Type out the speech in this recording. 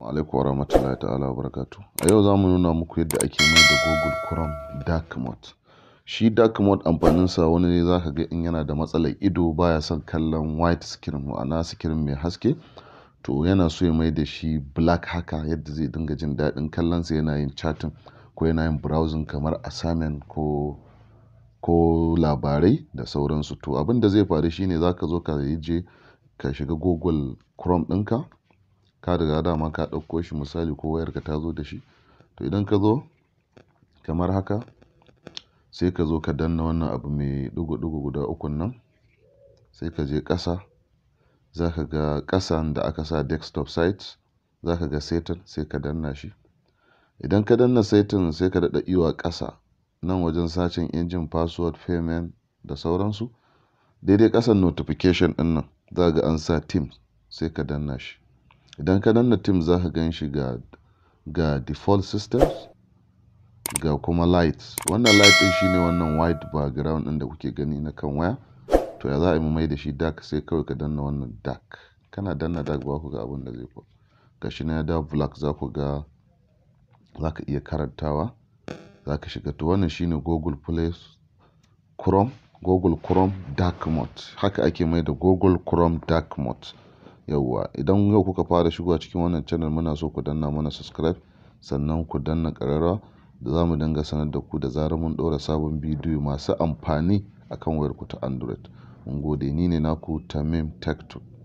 alaikum warahmatullahi ta'ala barakatu a yau za mu nuna muku yadda ake mai da google chrome dark mode shi dark mode amfaninsa wani ne za ka ga in yana da matsalar ido baya son kallon white screen ma'ana screen mai haske to yana so ya mai da shi black haka yadda zai dinga jin daɗin kallonsa yana yin chatting ko yana yin browsing kamar assignment ko ko labarai da sauransu. To abin da zai faru shine za ka zo ka yi je ka shiga Google Chrome ɗinka. Ka daga dama ka ɗauko shi misali ko wayarka ta zo da shi. To idan ka zo kamar haka sai ka zo ka danna wannan abu mai ɗugu-ɗugu guda ukun nan. Sai ka je ƙasa. Za ka ga ƙasan da aka sa desktop site. Za ka ga setting sai ka danna shi. Idan ka danna setting sai ka daɗa a ƙasa nan wajen sacin injin password payment da sauransu. Daidai ƙasan notification ɗin nan za ga an sa tim sai ka danna shi. Idan ka danna tim za ka gan shi ga, ga default systems ga kuma light. Wannan light ɗin shine wannan white background ɗin da kuke gani na kan waya. To ya za a yi mai da shi dark sai kawai ka danna wannan dark. Kana danna dark ba ku ga abin da zai faru. Gashi na ya dawo black za ku ga za ka iya karantawa. za ka shiga. To wannan shine Google Play Chrome, Google Chrome Dark Mode. Haka ake mai da Google Chrome Dark Mode. Yauwa idan yau kuka fara shigowa cikin wannan channel muna so ku danna mana subscribe sannan ku danna ƙararrawa da za mu dinga sanar da ku da zarar mun ɗora sabon bidiyo masu amfani akan kan wayarku ta Android. Mun gode, ni ne naku Tamim Tech Two.